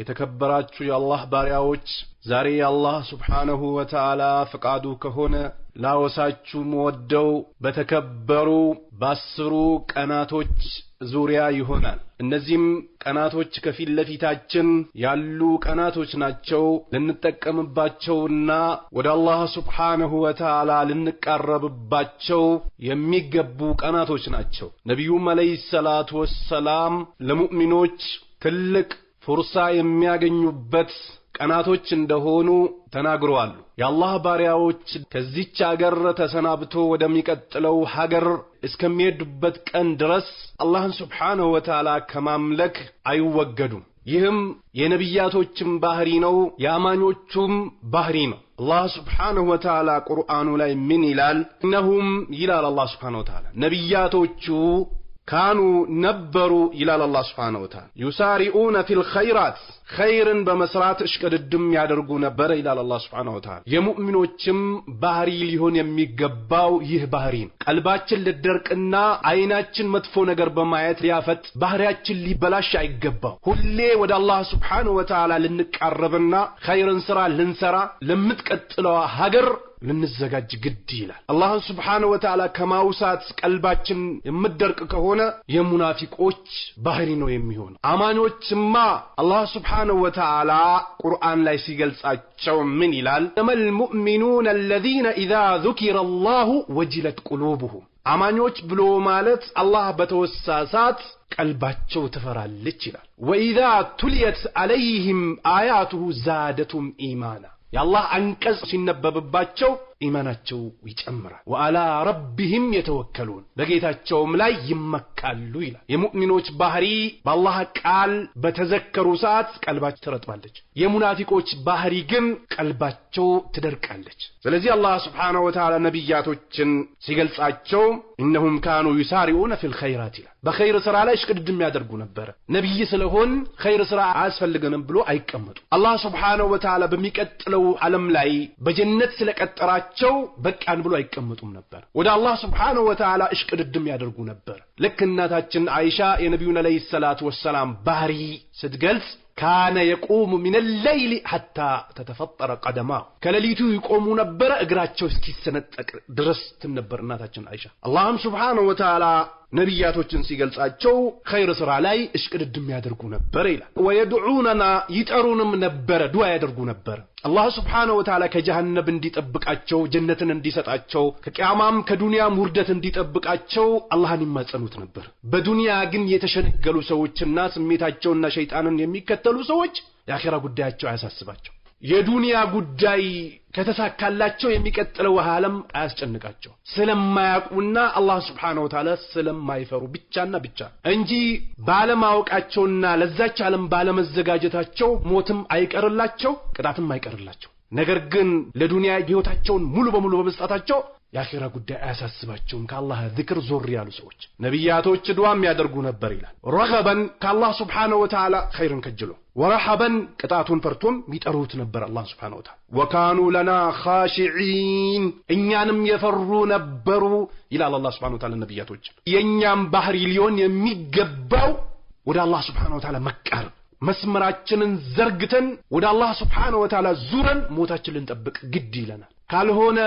የተከበራችሁ የአላህ ባሪያዎች ዛሬ የአላህ ስብሓነሁ ወተዓላ ፈቃዱ ከሆነ ላወሳችሁ ወደው በተከበሩ በአስሩ ቀናቶች ዙሪያ ይሆናል። እነዚህም ቀናቶች ከፊት ለፊታችን ያሉ ቀናቶች ናቸው። ልንጠቀምባቸውና ወደ አላህ ስብሓነሁ ወተዓላ ልንቃረብባቸው የሚገቡ ቀናቶች ናቸው። ነቢዩም ዓለይሂ ሰላቱ ወሰላም ለሙእሚኖች ትልቅ ፉርሳ የሚያገኙበት ቀናቶች እንደሆኑ ተናግረዋል። የአላህ ባሪያዎች ከዚች አገር ተሰናብቶ ወደሚቀጥለው ሀገር እስከሚሄዱበት ቀን ድረስ አላህን ስብሓንሁ ወተዓላ ከማምለክ አይወገዱም። ይህም የነቢያቶችም ባህሪ ነው፣ የአማኞቹም ባህሪ ነው። አላህ ስብሓንሁ ወተዓላ ቁርአኑ ላይ ምን ይላል? እነሁም ይላል አላህ ስብሓንሁ ወተዓላ ነቢያቶቹ ካኑ ነበሩ ይላል አላህ ስብሓነሁ ወተዓላ። ዩሳሪኡነ ፊል ኸይራት ኸይርን በመስራት እሽቅድድም ያደርጉ ነበረ ይላል አላህ ስብሓነሁ ወተዓላ። የሙእሚኖችም ባህሪ ሊሆን የሚገባው ይህ ባህሪ ነው። ቀልባችን ልደርቅና አይናችን መጥፎ ነገር በማየት ሊያፈጥ ባህሪያችን ሊበላሽ አይገባው። ሁሌ ወደ አላህ ስብሓነሁ ወተዓላ ልንቃረብና ኸይርን ስራ ልንሰራ ለምትቀጥለዋ ሀገር ልንዘጋጅ ግድ ይላል። አላህን ስብሓነ ወተዓላ ከማውሳት ቀልባችን የምደርቅ ከሆነ የሙናፊቆች ባህሪ ነው የሚሆነው። አማኞችማ አላህ ስብሓነ ወተዓላ ቁርአን ላይ ሲገልጻቸው ምን ይላል? እነመል ሙእሚኑነ አለዚነ ኢዛ ዙኪረ አላሁ ወጅለት ቁሉብሁም አማኞች ብሎ ማለት አላህ በተወሳ ሰዓት ቀልባቸው ትፈራለች ይላል። ወኢዛ ቱልየት አለይህም አያቱሁ ዛደቱም ኢማና የአላህ አንቀጽ ሲነበብባቸው ኢማናቸው ይጨምራል። ወአላ ረቢህም የተወከሉን በጌታቸውም ላይ ይመካሉ ይላል። የሙእሚኖች ባህሪ በአላህ ቃል በተዘከሩ ሰዓት ቀልባቸው ትረጥባለች። የሙናፊቆች ባህሪ ግን ቀልባቸው ትደርቃለች። ስለዚህ አላህ ስብሓነሁ ወተዓላ ነቢያቶችን ሲገልጻቸው እነሁም ካኑ ዩሳሪኡነ ፊል ኸይራት ይላል። በኸይር ስራ ላይ እሽቅድድም ያደርጉ ነበረ። ነቢይ ስለሆን ኸይር ስራ አያስፈልገንም ብሎ አይቀመጡ። አላህ ስብሓነሁ ወተዓላ በሚቀጥለው ዓለም ላይ በጀነት ስለቀጠራቸው ልባቸው በቃን ብሎ አይቀመጡም ነበር። ወደ አላህ ስብሓንሁ ወተዓላ እሽቅድድም ያደርጉ ነበር። ልክ እናታችን አይሻ የነቢዩን ዓለይሂ ሰላቱ ወሰላም ባህሪ ስትገልጽ ካነ የቆሙ ሚን ለይሊ ሐታ ተተፈጠረ ቀደማሁ ከሌሊቱ ይቆሙ ነበረ እግራቸው እስኪሰነጠቅ ድረስ ትነበር እናታችን አይሻ። አላህም ሱብሓነሁ ወተዓላ ነቢያቶችን ሲገልጻቸው ኸይር ስራ ላይ እሽቅድድም ያደርጉ ነበር ይላል። ወየድዑነና ይጠሩንም ነበረ፣ ዱዓ ያደርጉ ነበር። አላህ ሱብሓነሁ ወተዓላ ከጀሃነብ እንዲጠብቃቸው፣ ጀነትን እንዲሰጣቸው፣ ከቅያማም ከዱንያም ውርደት እንዲጠብቃቸው አላህን ይማጸኑት ነበር። በዱንያ ግን የተሸነገሉ ሰዎችና ስሜታቸውና ሸይጣንን የሚከተሉ የሚከተሉ ሰዎች የአኼራ ጉዳያቸው አያሳስባቸው። የዱንያ ጉዳይ ከተሳካላቸው የሚቀጥለው ዓለም አያስጨንቃቸው ስለማያውቁና አላህ ስብሓን ወታላ ስለማይፈሩ ብቻና ብቻ እንጂ ባለማወቃቸውና ለዛች ዓለም ባለመዘጋጀታቸው ሞትም አይቀርላቸው፣ ቅጣትም አይቀርላቸው። ነገር ግን ለዱንያ ህይወታቸውን ሙሉ በሙሉ በመስጣታቸው የአኼራ ጉዳይ አያሳስባቸውም። ከአላህ ዝክር ዞር ያሉ ሰዎች ነቢያቶች ድዋ የሚያደርጉ ነበር ይላል። ረኸበን ከአላህ ስብሓነሁ ወተዓላ ኸይርን ከጅሎ ወረሐበን ቅጣቱን ፈርቶም ይጠሩት ነበር አላህ ስብሓነሁ ወተዓላ። ወካኑ ለና ኻሽዒን እኛንም የፈሩ ነበሩ ይላል አላህ ስብሓነሁ ወተዓላ ነቢያቶች። የእኛም ባህሪ ሊሆን የሚገባው ወደ አላህ ስብሓነሁ ወተዓላ መቃረብ መስመራችንን ዘርግተን ወደ አላህ ስብሓነ ወተዓላ ዙረን ሞታችን ልንጠብቅ ግድ ይለናል። ካልሆነ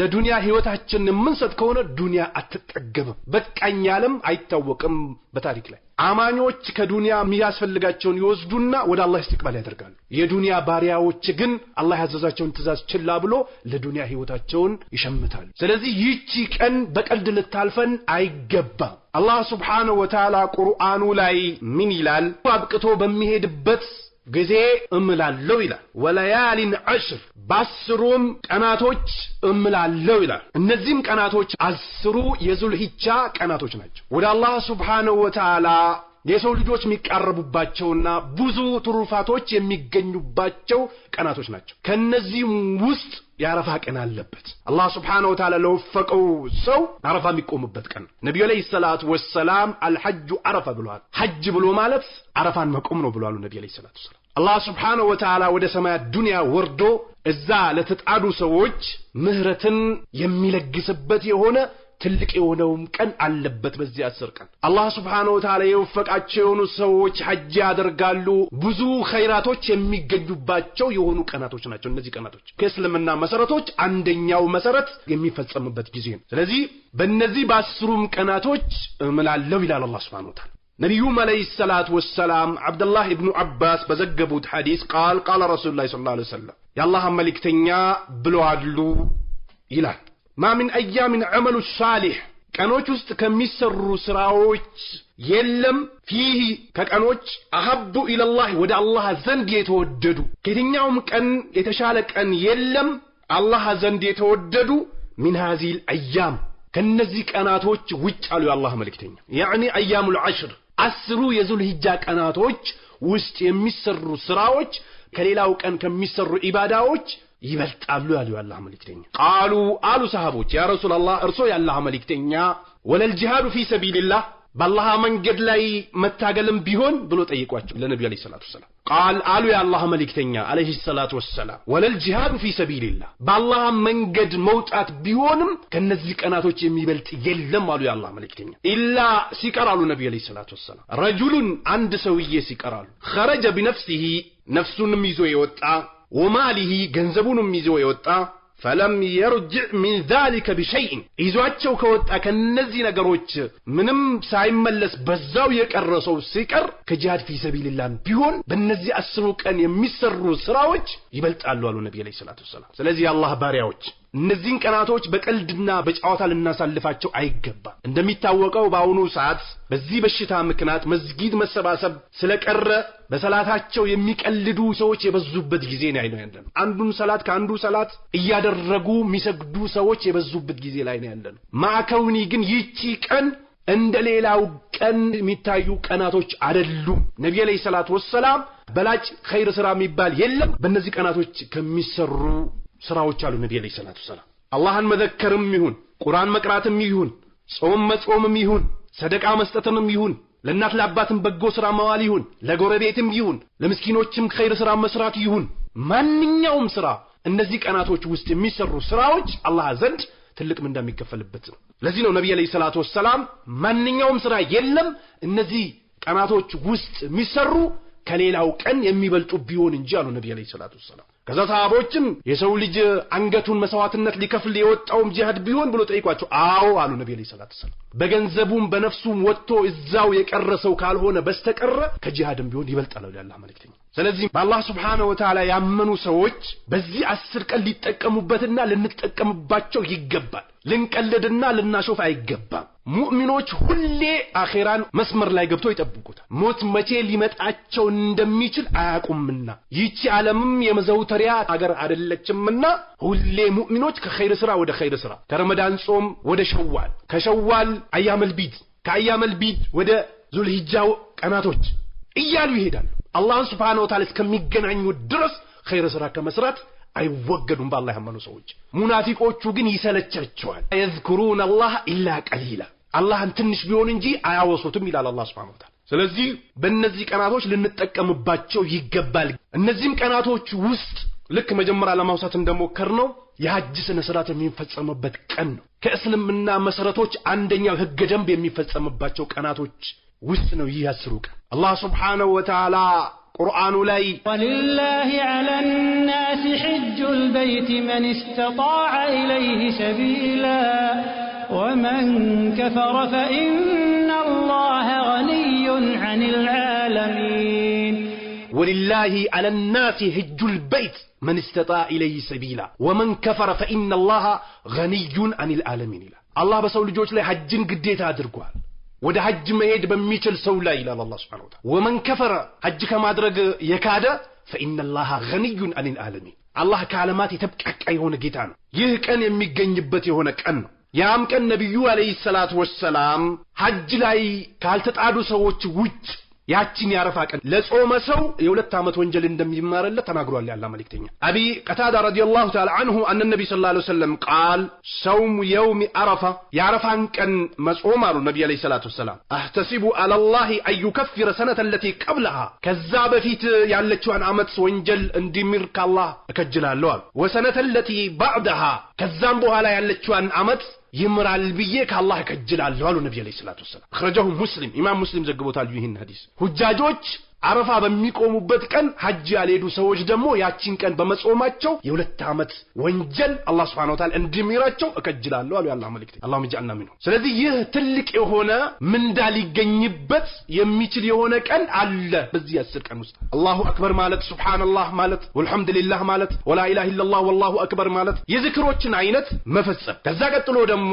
ለዱንያ ህይወታችን የምንሰጥ ከሆነ ዱንያ አትጠገብም። በቃኝ ያለም አይታወቅም በታሪክ ላይ አማኞች ከዱንያ የሚያስፈልጋቸውን ይወስዱና ወደ አላህ እስትቅባል ያደርጋሉ። የዱንያ ባሪያዎች ግን አላህ ያዘዛቸውን ትእዛዝ ችላ ብሎ ለዱንያ ህይወታቸውን ይሸምታሉ። ስለዚህ ይቺ ቀን በቀልድ ልታልፈን አይገባም። አላህ ስብሓነሁ ወተዓላ ቁርአኑ ላይ ምን ይላል? አብቅቶ በሚሄድበት ጊዜ እምላለው ይላል። ወለያሊን ዐሽር በአስሩም ቀናቶች እምላለው ይላል። እነዚህም ቀናቶች አስሩ የዙልሂጃ ቀናቶች ናቸው። ወደ አላህ ስብሓንሁ ወተዓላ የሰው ልጆች የሚቃረቡባቸውና ብዙ ትሩፋቶች የሚገኙባቸው ቀናቶች ናቸው። ከነዚህም ውስጥ የአረፋ ቀን አለበት። አላህ ስብሓነሁ ወተዓላ ለወፈቀው ሰው አረፋ የሚቆምበት ቀን ነቢዩ ዓለይሂ ሰላቱ ወሰላም አልሐጁ አረፋ ብለዋል። ሐጅ ብሎ ማለት አረፋን መቆም ነው ብለዋሉ ነቢዩ ዓለይሂ ሰላቱ ወሰላም። አላህ ስብሓነሁ ወተዓላ ወደ ሰማያት ዱንያ ወርዶ እዛ ለተጣዱ ሰዎች ምህረትን የሚለግስበት የሆነ ትልቅ የሆነውም ቀን አለበት። በዚህ አስር ቀን አላህ ስብሓነ ወተዓላ የወፈቃቸው የሆኑ ሰዎች ሐጅ ያደርጋሉ። ብዙ ኸይራቶች የሚገኙባቸው የሆኑ ቀናቶች ናቸው። እነዚህ ቀናቶች ከእስልምና መሰረቶች አንደኛው መሰረት የሚፈጸምበት ጊዜ ነው። ስለዚህ በእነዚህ በአስሩም ቀናቶች እምላለሁ ይላል አላህ ስብሓነ ወተዓላ። ነቢዩም ዓለይሂ ሰላቱ ወሰላም አብደላህ ኢብኑ አባስ በዘገቡት ሐዲስ ቃል ቃለ ረሱሉላህ ሰለላሁ ዐለይሂ ወሰለም የአላህ መልእክተኛ ብለዋሉ ይላል ما من أيام عمل الصالح كانوش است كمسر سراوش يلم فيه كانوش أحب إلى الله ودع الله زند يتوددو كدن يوم كان يتشالك أن يلم الله زند يتوددو من هذه الأيام كنزيك أنا توج وجه على الله ملك يعني أيام العشر أسرو يزول هجاك أنا توج وست يمسر سراوش كليلاو كان كمسر إباداوش ይበልጣሉ ያሉ የአላህ መልእክተኛ ቃሉ አሉ ሰሃቦች ያ ረሱል እርሶ የአላህ መልእክተኛ ወለል ጂሃዱ ፊ ሰቢልላህ በአላህ መንገድ ላይ መታገልም ቢሆን ብሎ ጠይቋቸው ለነቢዩ አለይሂ ሰላቱ ወሰላም ቃል አሉ የአላህ መልእክተኛ አለይሂ ሰላቱ ወሰላም ወለል ጂሃዱ ፊ ሰቢልላህ በአላህ መንገድ መውጣት ቢሆንም ከነዚህ ቀናቶች የሚበልጥ የለም አሉ የአላህ መልእክተኛ ኢላ ሲቀር አሉ ነቢዩ አለይሂ ሰላቱ ወሰላም ረጁሉን አንድ ሰውዬ ሲቀር አሉ ኸረጀ ቢነፍሲሂ ነፍሱንም ይዞ የወጣ ወማሊሂ ገንዘቡንም ይዞ የወጣ ፈለም የርጅዕ ሚን ዛሊከ ቢሸይን ይዟቸው ከወጣ ከነዚህ ነገሮች ምንም ሳይመለስ በዛው የቀረሰው ሲቀር ከጂሃድ ፊ ሰቢልላህ ቢሆን በእነዚህ አስሩ ቀን የሚሰሩ ስራዎች ይበልጣሉ አሉ ነቢ ዐለይሂ ሰላቱ ወሰላም። ስለዚህ የአላህ ባሪያዎች እነዚህን ቀናቶች በቀልድና በጨዋታ ልናሳልፋቸው አይገባም። እንደሚታወቀው በአሁኑ ሰዓት በዚህ በሽታ ምክንያት መስጊድ መሰባሰብ ስለቀረ በሰላታቸው የሚቀልዱ ሰዎች የበዙበት ጊዜ ላይ ነው ያለነው። አንዱን ሰላት ከአንዱ ሰላት እያደረጉ የሚሰግዱ ሰዎች የበዙበት ጊዜ ላይ ነው ያለነው። ማዕከውኒ ግን ይቺ ቀን እንደ ሌላው ቀን የሚታዩ ቀናቶች አደሉም። ነቢ ዓለይሂ ሰላቱ ወሰላም በላጭ ኸይር ስራ የሚባል የለም። በእነዚህ ቀናቶች ከሚሰሩ ስራዎች አሉ ነቢ አለይሂ ሰላቱ ሰላም አላህን መዘከርም ይሁን ቁርአን መቅራትም ይሁን ጾም መጾምም ይሁን ሰደቃ መስጠትንም ይሁን ለእናት ለአባትም በጎ ስራ መዋል ይሁን ለጎረቤትም ይሁን ለምስኪኖችም ኸይር ስራ መስራት ይሁን ማንኛውም ስራ እነዚህ ቀናቶች ውስጥ የሚሰሩ ስራዎች አላህ ዘንድ ትልቅ ምንዳ የሚከፈልበት ነው። ለዚህ ነው ነቢ አለይሂ ሰላቱ ወሰላም ማንኛውም ስራ የለም እነዚህ ቀናቶች ውስጥ የሚሰሩ ከሌላው ቀን የሚበልጡ ቢሆን እንጂ አሉ ነቢ አለይሂ ሰላቱ ወሰላም። ከዛ ሰሃቦችም የሰው ልጅ አንገቱን መስዋዕትነት ሊከፍል የወጣውም ጂሃድ ቢሆን ብሎ ጠይቋቸው። አዎ አሉ ነቢ ዐለይሂ ሰላት ሰላም። በገንዘቡም በነፍሱም ወጥቶ እዛው የቀረ ሰው ካልሆነ በስተቀረ ከጂሃድም ቢሆን ይበልጣል ያላህ መልክተኛ ስለዚህ በአላህ ስብሓነ ወተላ ያመኑ ሰዎች በዚህ አስር ቀን ሊጠቀሙበትና ልንጠቀምባቸው ይገባል። ልንቀልድና ልናሾፍ አይገባም። ሙእሚኖች ሁሌ አኼራን መስመር ላይ ገብተው ይጠብቁታል። ሞት መቼ ሊመጣቸው እንደሚችል አያውቁምና ይቺ ዓለምም የመዘውተሪያ አገር አደለችምና ሁሌ ሙእሚኖች ከኸይር ስራ ወደ ኸይር ስራ፣ ከረመዳን ጾም ወደ ሸዋል፣ ከሸዋል አያመልቢድ ከአያመልቢድ ከአያመል ቢድ ወደ ዙልሂጃው ቀናቶች እያሉ ይሄዳሉ። አላህን ስብሓነሁ ወተዓላ እስከሚገናኙ ድረስ ኸይር ስራ ከመስራት አይወገዱም። በአላህ ያመኑ ሰዎች። ሙናፊቆቹ ግን ይሰለቻቸዋል። የዝኩሩን አላህ ኢላ ቀሊላ አላህን ትንሽ ቢሆን እንጂ አያወሱትም ይላል አላህ ሱብሓነሁ ወተዓላ። ስለዚህ በእነዚህ ቀናቶች ልንጠቀምባቸው ይገባል። እነዚህም ቀናቶች ውስጥ ልክ መጀመሪያ ለማውሳት እንደሞከር ነው የሐጅ ስነ ስርዓት የሚፈጸምበት ቀን ነው። ከእስልምና መሰረቶች አንደኛው ህገ ደንብ የሚፈጸምባቸው ቀናቶች ውስጥ ነው ይህ አስሩ ቀን። አላህ ሱብሓነሁ ወተዓላ ቁርአኑ ላይ ወሊላሂ ዐላ ናሲ ሐጁል በይት መን ስተጣዐ ኢለይሂ ሰቢላ ومن كفر فإن الله غني عن العالمين ولله على الناس هج البيت من استطاع إليه سبيلا ومن كفر فإن الله غني عن العالمين الله بسو لجوش لي حج قديت አድርጓል ወደ ሐጅ መሄድ በሚችል ሰው ላይ ይላል الله سبحانه وتعالى ومن ወመን ከፈረ ሐጅ ከማድረግ የካደ فإن الله غني عن العالمين አላህ ከዓለማት የተብቃቃ የሆነ ጌታ ነው ይህ ቀን የሚገኝበት የሆነ ቀን ነው يام كان نبيو عليه الصلاة والسلام حج لاي كالتت عدو سووش ويت ياتشين يعرفها كان لس او مسو يولد تامت وانجل اندم يمار اللي تناقروا اللي الله ملك تنيا أبي قتادة رضي الله تعالى عنه أن النبي صلى الله عليه وسلم قال صوم يوم عرفة يعرف عن كان مسؤوم على النبي عليه الصلاة والسلام احتسب على الله أن يكفر سنة التي قبلها كذاب فيت يعلتشو عن عمت وانجل اندمير كالله كجلال لوال وسنة التي بعدها كذنبها لا يعلتشو عن عمت ይምራል ብዬ ከአላህ ከጅላለሁ አሉ ነቢ ለ ሰላት ወሰላም አክረጃሁ ሙስሊም ኢማም ሙስሊም ዘግቦታል ይህን ሀዲስ ሁጃጆች አረፋ በሚቆሙበት ቀን ሐጅ ያልሄዱ ሰዎች ደግሞ ያቺን ቀን በመጾማቸው የሁለት ዓመት ወንጀል አላህ ስብሐነ ወተዓላ እንዲምራቸው እከጅላለሁ አሉ ያላህ መልእክት አላህ ጃአልና ሚንሁም። ስለዚህ ይህ ትልቅ የሆነ ምንዳ ሊገኝበት የሚችል የሆነ ቀን አለ። በዚህ አስር ቀን ውስጥ አላሁ አክበር ማለት ሱብሓነላህ ማለት ወልሐምዱሊላህ ማለት ወላ ኢላሀ ኢለላህ ወላሁ አክበር ማለት የዝክሮችን አይነት መፈጸም። ከዛ ቀጥሎ ደግሞ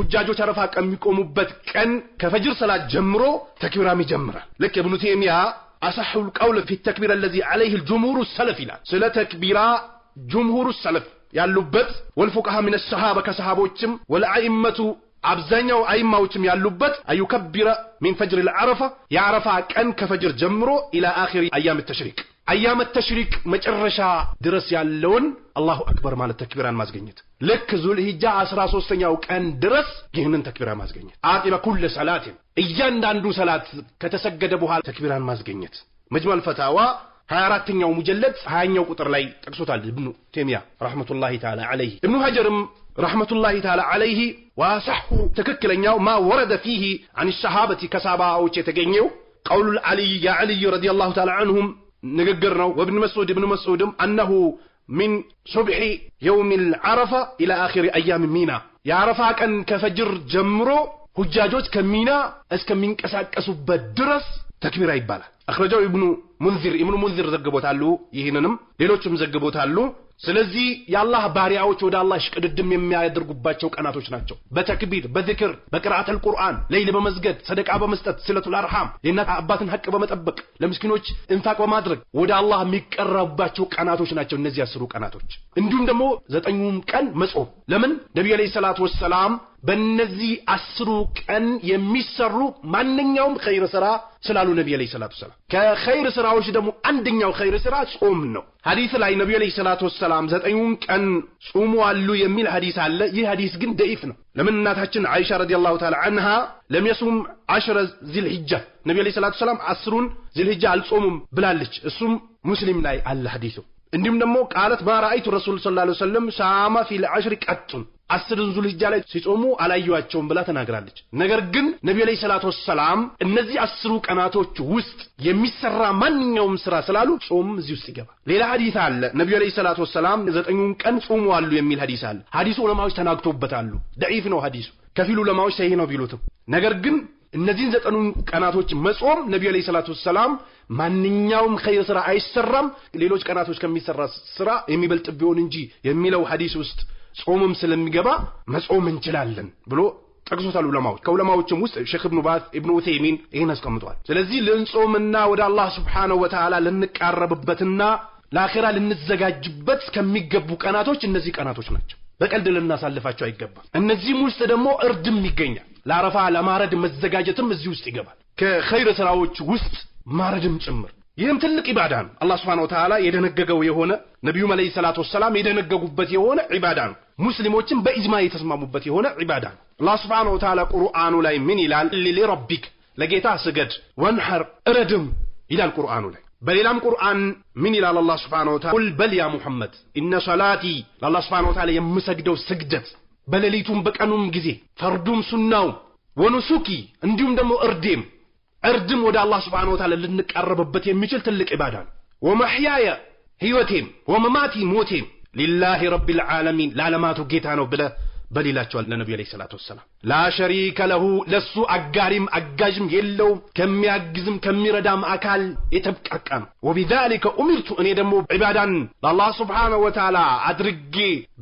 ሁጃጆች አረፋ ቀን የሚቆሙበት ቀን ከፈጅር ሰላት ጀምሮ ተክቢራም ይጀምራል። ልክ ኢብኑ ተይሚያ أصح القول في التكبير الذي عليه الجمهور السلف لا سلا تكبيرا جمهور السلف يا اللبت والفقهاء من الصحابة كصحابة وشم والأئمة أبزانيا وأئمة وتم يا اللبت أيكبر من فجر العرفة يعرف كأن كفجر جمرو إلى آخر أيام التشريك أيام التشريك مجرشا درس يا اللون الله أكبر مال التكبير عن مازجنيت لك زول هجا عشرة وكأن درس جهنن تكبير عن مازجنيت عاقب كل صلاة እያንዳንዱ ሰላት ከተሰገደ በኋላ ተክቢራን ማስገኘት መጅማል ፈታዋ ሀያ አራተኛው ሙጀለድ ሀያኛው ቁጥር ላይ ጠቅሶታል እብኑ ቴሚያ ረሕመቱላሂ ተዓላ ዓለይህ እብኑ ሀጀርም ረሕመቱላሂ ተዓላ ዓለይህ ዋሳሑ ትክክለኛው ማ ወረደ ፊህ አን ሰሃበቲ ከሳባዎች የተገኘው ቀውሉ ዓልይ ያ ዓልይ ረዲየላሁ ተዓላ አንሁም ንግግር ነው ወብን መስዑድ እብን መስዑድም አነሁ ሚን ሱብሒ የውም ልዓረፋ ኢላ አኺሪ አያም ሚና የአረፋ ቀን ከፈጅር ጀምሮ ሁጃጆች ከሚና እስከሚንቀሳቀሱበት ድረስ ተክቢራ ይባላል። አክረጃው ኢብኑ ሙንዚር ኢብኑ ሙንዚር ዘግቦታሉ። ይህንንም ሌሎችም ዘግቦታሉ። ስለዚህ የአላህ ባሪያዎች ወደ አላህ ሽቅድድም የሚያደርጉባቸው ቀናቶች ናቸው። በተክቢር፣ በዝክር፣ በቅርአተል አልቁርአን ሌይል በመስገድ፣ ሰደቃ በመስጠት፣ ስለቱል አርሃም፣ የእናት አባትን ሀቅ በመጠበቅ፣ ለምስኪኖች እንፋቅ በማድረግ ወደ አላህ የሚቀረቡባቸው ቀናቶች ናቸው። እነዚህ አስሩ ቀናቶች እንዲሁም ደግሞ ዘጠኙም ቀን መጾም ለምን ነቢዩ ዓለይሂ ሰላቱ ወሰላም بنزي أسروك أن يمسروا من يوم خير سرا سلالو نبي عليه الصلاة والسلام كخير سرا وشدمو عندن يوم خير سرا صومنو حديث لاي نبي عليه الصلاة والسلام زاد أيون كان سومو علو يميل حديث على يه حديث جن دائفنا لما ناتحكين عائشة رضي الله تعالى عنها لم يصوم عشرة زل هجة نبي عليه الصلاة والسلام أسرون زل هجة على سوم بلالج الصوم مسلم لاي على الحديثه እንዲሁም ደግሞ ቃለት ማራአይቱ ረሱል ስላ ሰለም ሳማ ፊል አሽር ቀጡን አስር ዙልሂጃ ላይ ሲጾሙ አላየዋቸውም ብላ ተናግራለች። ነገር ግን ነቢዩ ዐለይሂ ሰላቱ ወሰላም እነዚህ አስሩ ቀናቶች ውስጥ የሚሰራ ማንኛውም ስራ ስላሉ ጾም እዚህ ውስጥ ይገባል። ሌላ ሀዲስ አለ። ነቢዩ ዐለይሂ ሰላቱ ወሰላም ዘጠኙን ቀን ጾሙ አሉ የሚል ሀዲስ አለ። ሀዲሱ ዑለማዎች ተናግቶበታሉ። ደዒፍ ነው ሀዲሱ። ከፊል ዑለማዎች ሰሂህ ነው ቢሉትም ነገር ግን እነዚህን ዘጠኑን ቀናቶች መጾም ነቢዩ ዓለይሂ ሰላቱ ወሰላም ማንኛውም ኸይር ስራ አይሰራም ሌሎች ቀናቶች ከሚሰራ ስራ የሚበልጥ ቢሆን እንጂ የሚለው ሐዲስ ውስጥ ጾምም ስለሚገባ መጾም እንችላለን ብሎ ጠቅሶታል ዑለማዎች። ከዑለማዎችም ውስጥ ሼክ እብኑ ባዝ፣ እብኑ ዑቴይሚን ይህን አስቀምጧል። ስለዚህ ልንጾምና ወደ አላህ ስብሓነሁ ወተዓላ ልንቃረብበትና ለአኼራ ልንዘጋጅበት ከሚገቡ ቀናቶች እነዚህ ቀናቶች ናቸው። በቀልድ ልናሳልፋቸው አይገባም። እነዚህም ውስጥ ደግሞ እርድም ይገኛል። ለአረፋ ለማረድ መዘጋጀትም እዚህ ውስጥ ይገባል። ከኸይር ስራዎች ውስጥ ማረድም ጭምር። ይህም ትልቅ ኢባዳ ነው። አላህ ስብሐነ ወተዓላ የደነገገው የሆነ ነቢዩም ዓለይሂ ሰላቱ ወሰላም የደነገጉበት የሆነ ዒባዳ ነው። ሙስሊሞችም በኢጅማ የተስማሙበት የሆነ ዒባዳ ነው። አላህ ስብሐነ ወተዓላ ቁርአኑ ላይ ምን ይላል? ሊረቢክ ለጌታ ስገድ፣ ወንሐር እረድም ይላል ቁርአኑ ላይ። በሌላም ቁርአን ምን ይላል? አላህ ስብሐነ ወተዓላ ቁል በል ያ ሙሐመድ ኢነ ሰላቲ ለአላህ ስብሐነ ወተዓላ የምሰግደው ስግደት بلليتون بكانوم جزي فردوم سناو ونسوكي انديوم دمو اردم اردم ودا الله سبحانه وتعالى لنك عرب بتيم مثل تلك عبادا ومحيايا هيوتيم ومماتي موتيم لله رب العالمين لا لما تجيتانو بلا በል ይላቸዋል ለነቢዩ ዐለይሂ ሰላቱ ወሰላም። ላ ለሁ ለሱ አጋሪም አጋዥም የለውም። ከሚያግዝም ከሚረዳም አካል የተብቃቃ ነው። ወቢዛሊከ ኡሚርቱ እኔ ደግሞ ዒባዳን ለአላህ ስብሓነሁ ወተዓላ አድርጌ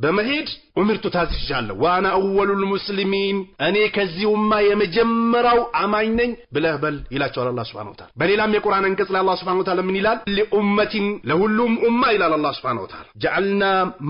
በመሄድ ኡሚርቱ ታዝዣለሁ። ዋና አወሉል ሙስሊሚን እኔ ከዚሁማ የመጀመሪያው አማኝ ነኝ ብለህ በል ይላቸዋል አላህ ስብሓነሁ ወተዓላ። በሌላም የቁርአን አንቀጽ ላይ አላህ ስብሓነሁ ምን ይላል? ሊኡመቲን ለሁሉም ኡማ ይላል አላህ ስብሓነሁ ወተዓላ ጀዐልና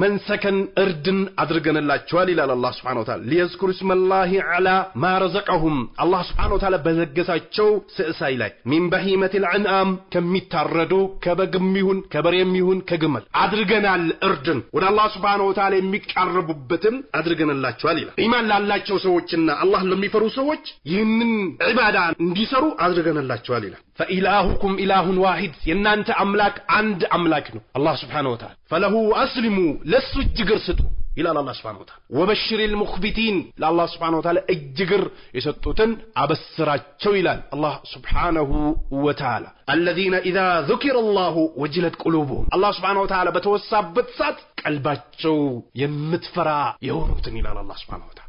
መንሰከን እርድን አድርገንላቸዋል ይላል አላህ الله سبحانه وتعالى ليذكر اسم الله على ما رزقهم الله سبحانه وتعالى بزقساچو سئساي لاي من بهيمة الانعام كم يتردو كبغم يهون كبر يهون كجمل ادرغنا الاردن ود الله سبحانه وتعالى يقرب بتم ادرغنا لاچو عليلا ايمان لاللاچو سوچنا الله لم يفرو سوچ ينن عبادة انديسرو ادرغنا لاچو عليلا فإلهكم إله واحد ينانت أملاك عند أملاكنا الله سبحانه وتعالى فله أسلموا لسجر ستو إلى الله سبحانه وتعالى وبشر المخبتين إلى الله سبحانه وتعالى الجقر يسطوتن أبسرات شويلا الله سبحانه وتعالى الذين إذا ذكر الله وجلت قلوبهم الله سبحانه وتعالى بتوسع بتسات قلبات شو يمتفرا يوروتن إلى الله سبحانه وتعالى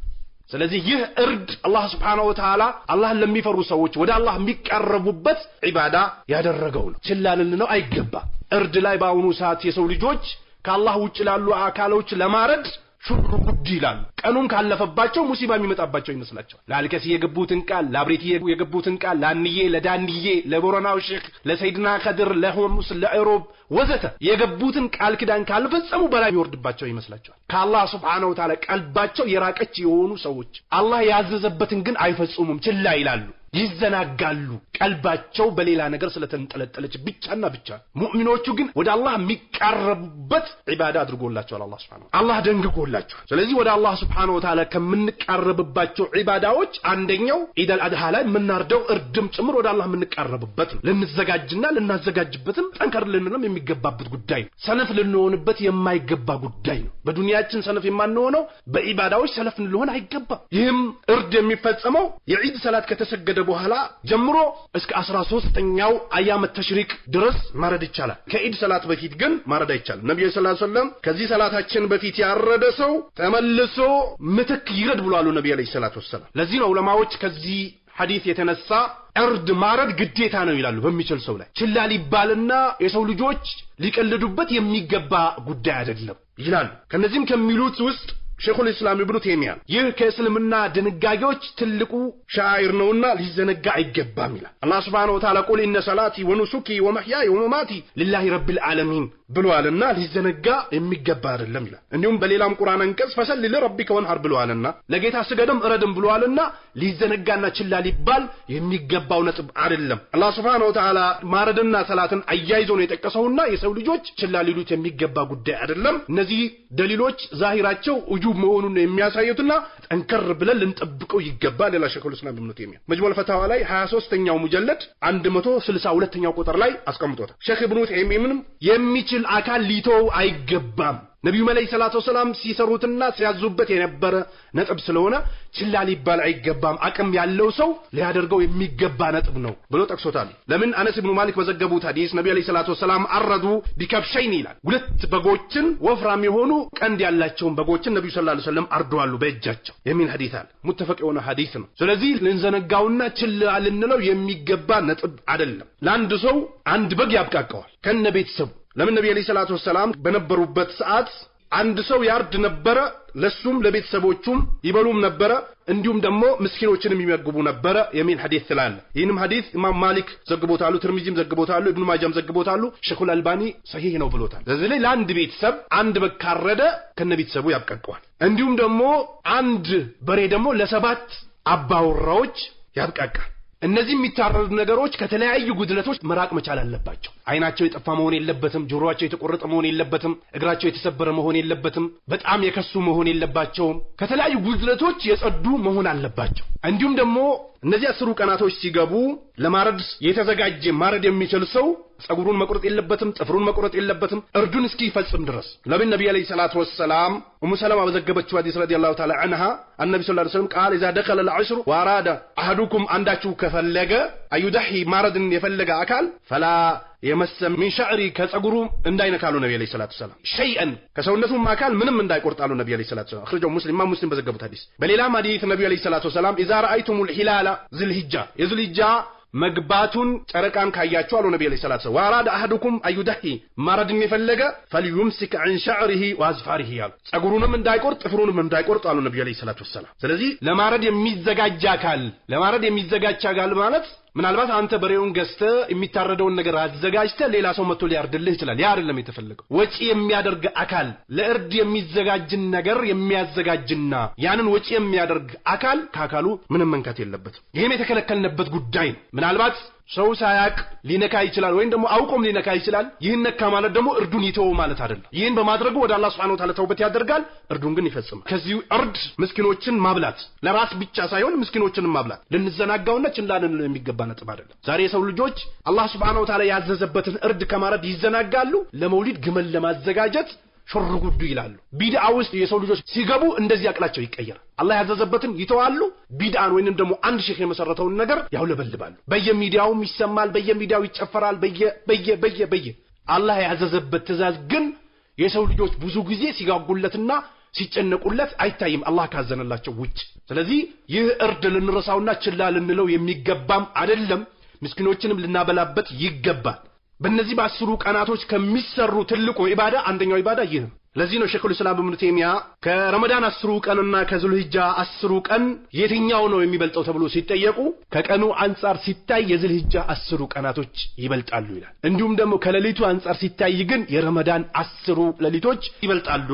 ስለዚህ ይህ እርድ አላህ ስብሓን ወተላ አላህን ለሚፈሩ ሰዎች ወደ አላህ የሚቀረቡበት ዒባዳ ያደረገው ነው ችላልን ነው አይገባ እርድ ላይ በአሁኑ ሰዓት የሰው جوج ከአላህ ውጭ ላሉ አካሎች ለማረድ ሹር ጉድ ይላሉ። ቀኑም ካለፈባቸው ሙሲባ የሚመጣባቸው ይመስላቸዋል። ለአልከስ የገቡትን ቃል፣ ለአብሬቲ የገቡትን ቃል፣ ለአንዬ፣ ለዳንዬ፣ ለቦረናው ሼክ፣ ለሰይድና ከድር፣ ለሆሙስ፣ ለዕሮብ ወዘተ የገቡትን ቃል ኪዳን ካልፈጸሙ በላይ የሚወርድባቸው ይመስላቸዋል። ከአላህ ስብሓነሁ ወተዓላ ቀልባቸው የራቀች የሆኑ ሰዎች አላህ ያዘዘበትን ግን አይፈጽሙም፣ ችላ ይላሉ። ይዘናጋሉ። ቀልባቸው በሌላ ነገር ስለተንጠለጠለች ብቻና ብቻ። ሙእሚኖቹ ግን ወደ አላህ የሚቃረቡበት ዒባዳ አድርጎላቸዋል አላ ስብን አላህ ደንግጎላቸዋል። ስለዚህ ወደ አላህ ስብሓን ወታላ ከምንቃረብባቸው ዒባዳዎች አንደኛው ኢደል አድሃ ላይ የምናርደው እርድም ጭምር ወደ አላህ የምንቃረብበት ነው። ልንዘጋጅና ልናዘጋጅበትም ጠንከር ልንልም የሚገባበት ጉዳይ ነው። ሰነፍ ልንሆንበት የማይገባ ጉዳይ ነው። በዱንያችን ሰነፍ የማንሆነው በዒባዳዎች ሰለፍ ልንሆን አይገባም። ይህም እርድ የሚፈጸመው የዒድ ሰላት ከተሰገደ ከሄደ በኋላ ጀምሮ እስከ አስራ ሶስተኛው አያመ ተሽሪቅ ድረስ ማረድ ይቻላል። ከኢድ ሰላት በፊት ግን ማረድ አይቻልም። ነቢዩ ስ ሰለም ከዚህ ሰላታችን በፊት ያረደ ሰው ተመልሶ ምትክ ይረድ ብሏሉ ነቢ ለ ሰላት ወሰላም። ለዚህ ነው ዑለማዎች ከዚህ ሐዲስ የተነሳ እርድ ማረድ ግዴታ ነው ይላሉ። በሚችል ሰው ላይ ችላ ሊባልና የሰው ልጆች ሊቀልዱበት የሚገባ ጉዳይ አይደለም ይላሉ። ከነዚህም ከሚሉት ውስጥ ሼኹል ኢስላም ኢብኑ ቴምያ ይህ ከእስልምና ድንጋጌዎች ትልቁ ሻይር ነውና ሊዘነጋ አይገባም ይላል። አላህ ስብሓነሁ ወተዓላ ቁል ኢነ ሰላቲ ወኑሱኪ ወመሕያይ ወመማቲ ሊላሂ ረቢል ዓለሚን ብሏልና ሊዘነጋ የሚገባ አይደለም ይላል። እንዲሁም በሌላም ቁርአን አንቀጽ ፈሰል ለረቢከ ወንሐር ብሏልና ለጌታ ስገድም እረድም ብሏልና ሊዘነጋና ችላ ሊባል የሚገባው ነጥብ አይደለም። አላህ ስብሓነሁ ወተዓላ ማረድና ሰላትን አያይዞ ነው የጠቀሰውና የሰው ልጆች ችላ ሊሉት የሚገባ ጉዳይ አይደለም። እነዚህ ደሊሎች ዛሂራቸው መሆኑን ነው የሚያሳዩትና ጠንከር ብለን ልንጠብቀው ይገባል። ሌላ ሸይኹል ስላም ኢብኑ ተይሚያ መጅሙዕ ፈታዋ ላይ 23ኛው ሙጀለድ 162ኛው ቁጥር ላይ አስቀምጦታል። ሸክ ብኑ ተይሚያም የሚችል አካል ሊተው አይገባም ነቢዩ መለይ ሰላት ወሰላም ሲሰሩትና ሲያዙበት የነበረ ነጥብ ስለሆነ ችላ ሊባል አይገባም። አቅም ያለው ሰው ሊያደርገው የሚገባ ነጥብ ነው ብሎ ጠቅሶታል። ለምን አነስ ብኑ ማሊክ በዘገቡት ሐዲስ ነቢዩ ለ ሰላት ወሰላም አረዱ ቢከብሸይን ይላል። ሁለት በጎችን ወፍራም የሆኑ ቀንድ ያላቸውን በጎችን ነቢዩ ስላ ሰለም አርደዋሉ በእጃቸው የሚል ሐዲስ አለ። ሙተፈቅ የሆነ ሐዲስ ነው። ስለዚህ ልንዘነጋውና ችላ ልንለው የሚገባ ነጥብ አይደለም። ለአንድ ሰው አንድ በግ ያብቃቀዋል ከነ ቤተሰቡ ለምን ነቢ ዐለይሂ ሰላቱ ወሰላም በነበሩበት ሰዓት አንድ ሰው ያርድ ነበረ። ለሱም ለቤተሰቦቹም ይበሉም ነበረ፣ እንዲሁም ደግሞ ምስኪኖችንም ይመግቡ ነበረ የሚል ሐዲስ ስላለ ይህንም ሐዲስ ኢማም ማሊክ ዘግቦታሉ፣ ትርሚዚም ዘግቦታሉ፣ ኢብኑ ማጃም ዘግቦታሉ። ሸኹል አልባኒ ሰሂህ ነው ብሎታል። ስለዚህ ላይ ለአንድ ቤተሰብ አንድ በግ ካረደ ከነ ቤተሰቡ ያብቀቀዋል። እንዲሁም ደግሞ አንድ በሬ ደግሞ ለሰባት አባውራዎች ያብቃቃል። እነዚህ የሚታረዱ ነገሮች ከተለያዩ ጉድለቶች መራቅ መቻል አለባቸው። አይናቸው የጠፋ መሆን የለበትም። ጆሮቸው የተቆረጠ መሆን የለበትም። እግራቸው የተሰበረ መሆን የለበትም። በጣም የከሱ መሆን የለባቸውም። ከተለያዩ ጉድለቶች የጸዱ መሆን አለባቸው። እንዲሁም ደግሞ እነዚህ አስሩ ቀናቶች ሲገቡ ለማረድ የተዘጋጀ ማረድ የሚችል ሰው أقولون ما قرط إلا بتم تفرون ما قرط إلا بتم أرجون سكي فلسم درس لبي النبي عليه الصلاة والسلام ومسلم أبو ذكبة شوادي رضي الله تعالى عنها النبي صلى الله عليه وسلم قال إذا دخل العشر وأراد أحدكم أن دعتو كفلقة أي دحي مرض يفلقة أكل فلا يمس من شعري كسأقولون إن داينا قالوا النبي عليه الصلاة والسلام شيئا كسأقول نفسهم ما قال من من داي قرط قالوا النبي عليه الصلاة والسلام أخرجه مسلم ما مسلم بزقبة حديث بل إلى ما حديث النبي عليه الصلاة والسلام إذا رأيتم الهلال ذي الهجة يذي الهجة መግባቱን ጨረቃን ካያቸው አሉ ነቢ ዐለይሂ ሰላቱ ሰላም ወአራደ አህዱኩም አዩደሂ ማረድን የፈለገ ፈልዩምሲክ ዐን ሸዕሪሂ ወአዝፋሪሂ አሉ። ጸጉሩንም እንዳይቆርጥ ጥፍሩንም እንዳይቆርጥ አሉ ነቢ ዐለይሂ ሰላቱ ሰላም። ስለዚህ ለማረድ የሚዘጋጅ አካል ለማረድ የሚዘጋጅ አካል ማለት ምናልባት አንተ በሬውን ገዝተ የሚታረደውን ነገር አዘጋጅተ ሌላ ሰው መጥቶ ሊያርድልህ ይችላል። ያ አይደለም የተፈለገው። ወጪ የሚያደርግ አካል ለእርድ የሚዘጋጅን ነገር የሚያዘጋጅና ያንን ወጪ የሚያደርግ አካል ከአካሉ ምንም መንካት የለበትም። ይህም የተከለከልንበት ጉዳይ ምናልባት ሰው ሳያቅ ሊነካ ይችላል፣ ወይም ደግሞ አውቆም ሊነካ ይችላል። ይህን ነካ ማለት ደግሞ እርዱን ይተው ማለት አይደለም። ይህን በማድረጉ ወደ አላህ ሱብሓነሁ ወተዓላ ተውበት ያደርጋል፣ እርዱን ግን ይፈጽማል። ከዚህ እርድ ምስኪኖችን ማብላት ለራስ ብቻ ሳይሆን ምስኪኖችንም ማብላት ልንዘናጋውና ችላ የሚገባ ነጥብ አይደለም። ዛሬ የሰው ልጆች አላህ ሱብሓነሁ ወተዓላ ያዘዘበትን እርድ ከማረድ ይዘናጋሉ። ለመውሊድ ግመል ለማዘጋጀት ሹር ጉዱ ይላሉ። ቢድአ ውስጥ የሰው ልጆች ሲገቡ እንደዚህ አቅላቸው ይቀየራል። አላህ ያዘዘበትን ይተዋሉ። ቢድአን ወይንም ደግሞ አንድ ሼክ የመሰረተውን ነገር ያውለበልባሉ። በየሚዲያውም ይሰማል፣ በየሚዲያው ይጨፈራል። በየ በየ በየ በየ አላህ ያዘዘበት ትእዛዝ ግን የሰው ልጆች ብዙ ጊዜ ሲጋጉለትና ሲጨነቁለት አይታይም አላህ ካዘነላቸው ውጭ። ስለዚህ ይህ እርድ ልንረሳውና ችላ ልንለው የሚገባም አይደለም። ምስኪኖችንም ልናበላበት ይገባል። በእነዚህ በአስሩ ቀናቶች ከሚሰሩ ትልቁ ኢባዳ አንደኛው ኢባዳ ይህ ለዚህ ነው ሸይኹል ኢስላም ኢብኑ ተይሚያ ከረመዳን አስሩ ቀንና ከዙልሂጃ አስሩ ቀን የትኛው ነው የሚበልጠው ተብሎ ሲጠየቁ ከቀኑ አንጻር ሲታይ የዙልሂጃ አስሩ ቀናቶች ይበልጣሉ ይላል። እንዲሁም ደግሞ ከሌሊቱ አንጻር ሲታይ ግን የረመዳን አስሩ ሌሊቶች ይበልጣሉ።